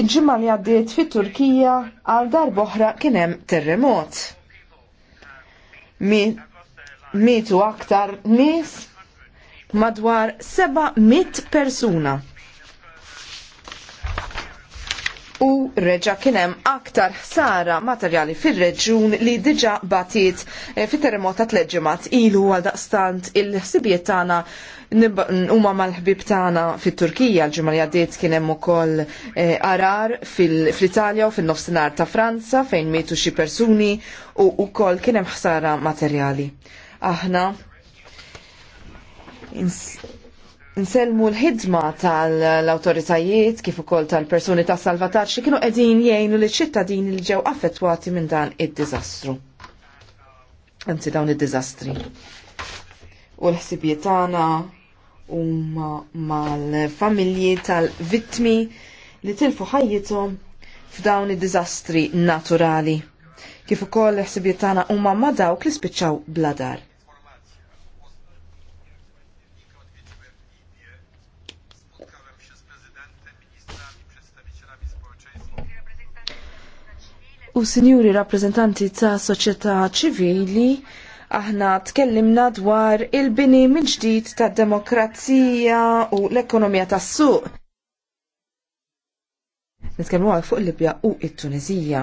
Il-ġimma li għaddiet fit-Turkija għal darboħra kienem terremot. Mitu aktar nis madwar 700 persuna. u reġa kienem aktar ħsara materjali fil-reġun li diġa batiet e, fit-terremot ta' tleġemat ilu għal daqstant il-ħsibiet tagħna huma mal-ħbib tagħna fit-Turkija l-ġimgħa li għaddiet kien hemm ukoll e, arar fl-Italja u fin-nofsinhar ta' Franza fejn mietu xi persuni u wkoll kien hemm ħsara materjali. Aħna nselmu l-ħidma tal-autoritajiet kif ukoll tal-persuni ta' salvataġġ li kienu qegħdin jgħinu li ċittadini li ġew affettwati minn dan id-diżastru. Anzi dawn id-diżastri. U l-ħsibijiet tagħna huma mal-familji tal-vittmi li tilfu ħajjithom f'dawn id-diżastri naturali. Kif ukoll l-ħsibijiet tagħna huma ma' dawk li spiċċaw bladar. u sinjuri rappresentanti ta' soċjetà ċivili, aħna tkellimna dwar il-bini minn ġdid ta' demokrazija u l-ekonomija tas suq Nitkellmu għal fuq Libja u it-Tunizija.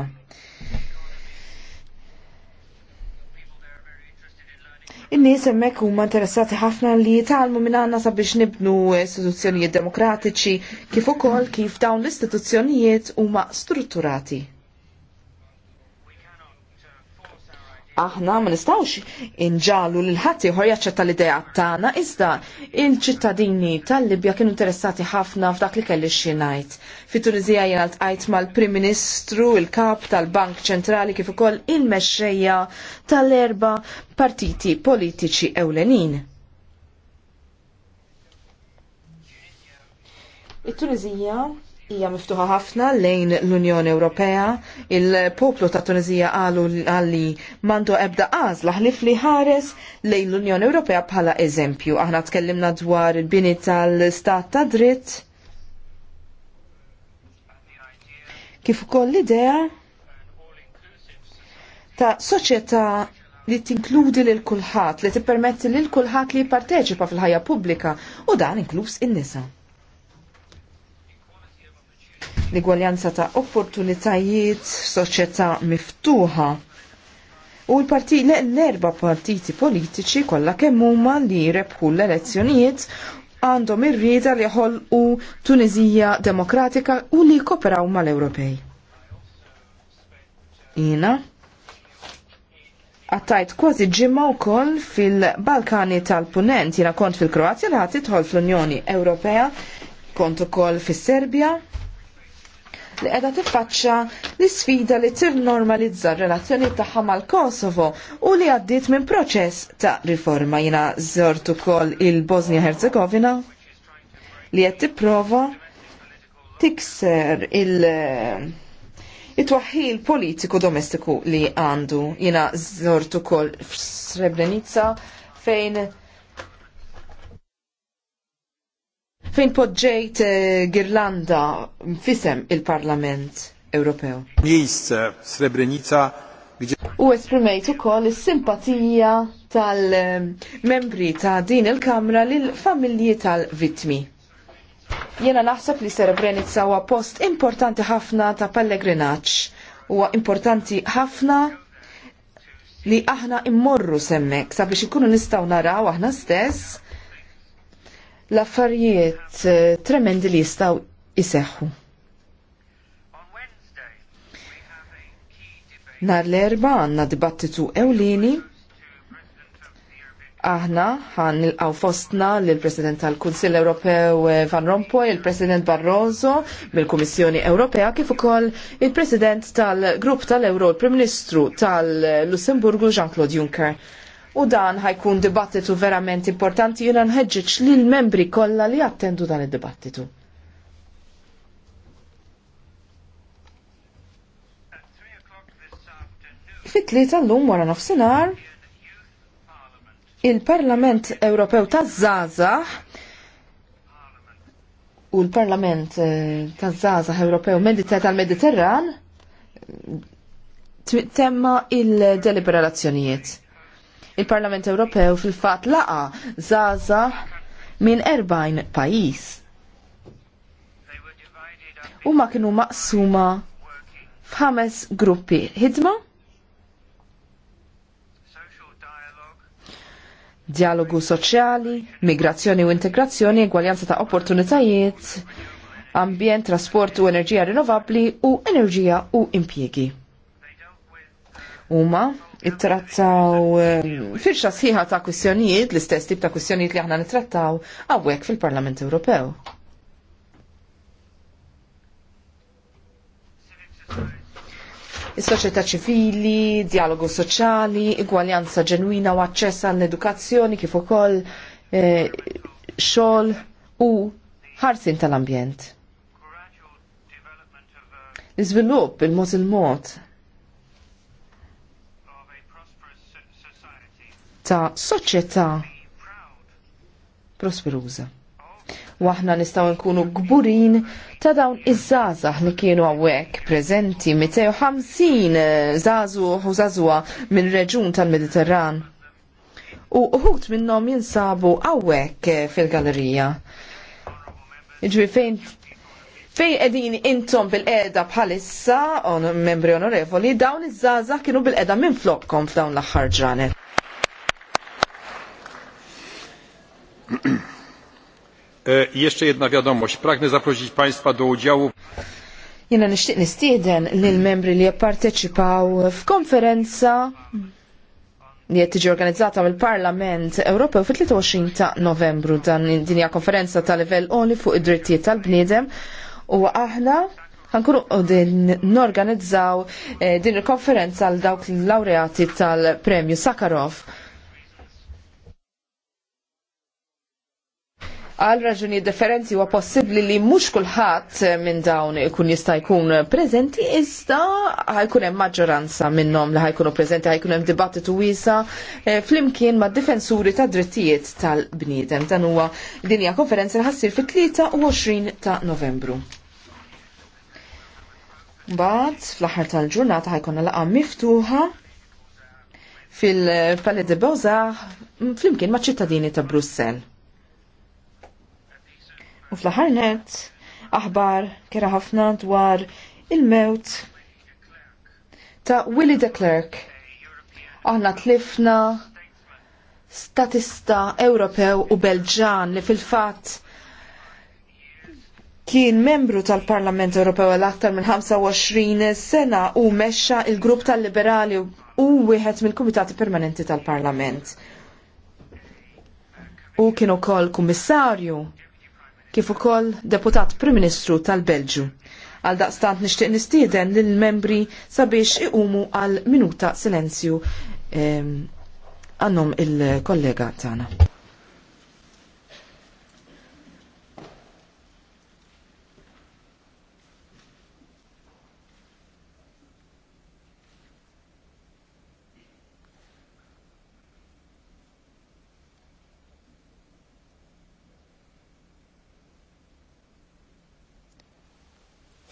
In-nies hemmhekk huma interessati ħafna li jitgħalmu minn għandna sabiex nibnu istituzzjonijiet demokratiċi kif ukoll kif dawn l-istituzzjonijiet huma strutturati. aħna ma nistawx inġalu lil ħadd ieħor jaċċetta l-idea tagħna iżda il-ċittadini tal-Libja kienu interessati ħafna f'dak li kelli xi ngħid. Fit-Tuniżija jiena ltqajt mal-Prim Ministru, il-Kap tal-Bank Ċentrali kif ukoll il-mexxejja tal-erba' partiti politiċi ewlenin. It-Tuniżija hija miftuħa ħafna lejn l-Unjoni Ewropea. Il-poplu ta' Tunizija qalu għalli mandu ebda għażla ħlif li ħares lejn l-Unjoni Ewropea bħala eżempju. Aħna tkellimna dwar il-bini tal-Stat ta' dritt. Kif ukoll l-idea ta' soċjetà li tinkludi lil kulħadd li tippermetti lil kulħadd li jipparteċipa fil-ħajja pubblika u dan inkluż in-nisa l-igwaljanza ta' opportunitajiet soċieta miftuħa. U l-parti l-erba partiti politiċi kollha kemm huma li rebħu l-elezzjonijiet għandhom ir-rieda li u Tunizija Demokratika u li koperaw mal-Ewropej. Ina, għattajt kważi ġimma u koll fil-Balkani tal-Punent, jina kont fil-Kroazja li għattit tħol fl-Unjoni Ewropea, kont u koll fil-Serbia, li qiegħda tiffaċċa l-isfida li tirnormalizza r-relazzjoni tagħha mal-Kosovo u li għaddiet minn proċess ta' riforma jiena żort ukoll il-Bosnia Herzegovina li qed tipprova tikser il- it-twaħħil politiku domestiku li għandu jiena żort ukoll f'Srebrenica fejn fejn podġejt eh, Girlanda fisem il-Parlament Ewropew. Jist Srebrenica U esprimejt ukoll is-simpatija tal-membri ta' din il-Kamra lil familji tal-vittmi. Jena naħseb li Srebrenica huwa post importanti ħafna ta' pellegrinaġġ. Huwa importanti ħafna li aħna immorru semmek sabiex ikunu nistgħu naraw aħna stess l-affarijiet eh, tremendi li jistgħu jseħħu. Nar l-erba għandna dibattitu ewlieni aħna ħan nilqaw fostna l-President tal-Kunsill Ewropew eh, Van Rompuy, il-President Barroso, mill-Kummissjoni Ewropea, kif ukoll il-President tal-Grupp tal-Euro, il-Prim Ministru tal-Lussemburgu Jean-Claude Juncker u dan ħajkun dibattitu verament importanti jiena nħeġġeġ lill membri kollha li attendu dan id-dibattitu. fit tal-lum wara nofsinhar il-Parlament Ewropew taż-żgħażagħ u l-Parlament eh, taż-żgħażagħ Ewropew tal-Mediterran temma il-deliberazzjonijiet Il-Parlament Ewropew fil-fat laqa zaza minn 40 pajis. Huma kienu maqsuma f'ħames gruppi ħidma. Dialogu soċjali, migrazzjoni u integrazzjoni, egwaljanza ta' opportunitajiet, ambjent, trasport u enerġija rinnovabli u enerġija u impjiegi. Uma, ittrattaw eh, firxa sħiħa ta' kwistjonijiet, l-istess tip ta' kwistjonijiet li aħna nittrattaw għawek fil-Parlament Ewropew. Is-soċjetà ċivili, dialogu soċjali, igwaljanza ġenwina u aċċess għall-edukazzjoni kif ukoll eh, xogħol u ħarsin tal-ambjent. Iżvilupp il-mod il-mod ta' soċjetà prosperuża. Waħna nistgħu nkunu gburin ta' dawn iż-żgħażagħ li kienu hawnhekk preżenti 250 eh, żagħżugħ u żagħżugħa minn reġun tal-Mediterran. U uħut minnhom jinsabu hawnhekk eh, fil-gallerija. Iġri fejn Fej edin intom bil-qeda bħalissa, on membri onorevoli, dawn iż-żaza kienu bil-qeda minn flokkom f'dawn l-aħħar ġranet. E, jeszcze jedna wiadomość. Pragnę zaprosić Państwa do udziału. Jena nishtiq nistieden lill-membri li jipparteċipaw f'konferenza li qed tiġi organizzata mill-Parlament Ewropew fit-23 ta' Novembru dan din hija konferenza ta' livell qoli fuq id-drittijiet tal-bniedem u aħna ħankunu norganizzaw e, din il-konferenza għal dawk l-laureati tal-Premju Sakharov. għal raġuni differenzi huwa possibbli li mhux kulħadd eh, minn dawn ikun jista' jkun preżenti iżda ħajkun hemm maġġoranza minnhom li ħajkunu preżenti ħajkun hemm dibattitu wiesa eh, flimkien mad difensuri ta' drittijiet tal-bniedem. Dan huwa dinja konferenza li ħassir fit-23 ta' Novembru. Mbagħad fl-aħħar tal-ġurnata ħajkonna laqgħa miftuħa fil-Palais de Beaux-Arts flimkien maċ-ċittadini ta' Brussell. U fl-aħħar net, aħbar kera ħafna dwar il-mewt ta' Willie de Klerk. Aħna tlifna statista Ewropew u Belġan li fil-fatt kien membru tal-Parlament Ewropew għal aktar minn 25 sena u mexxa il-grupp tal-Liberali u wieħed mill-Kumitati Permanenti tal-Parlament. U kien ukoll kummissarju kif ukoll deputat Prim Ministru tal-Belġu. Għal daqstant nixtieq nistieden lill membri sabiex iqumu għal minuta silenzju għannom il-kollega tagħna.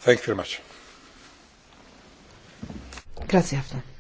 Thank you very much. Grazie ħafna.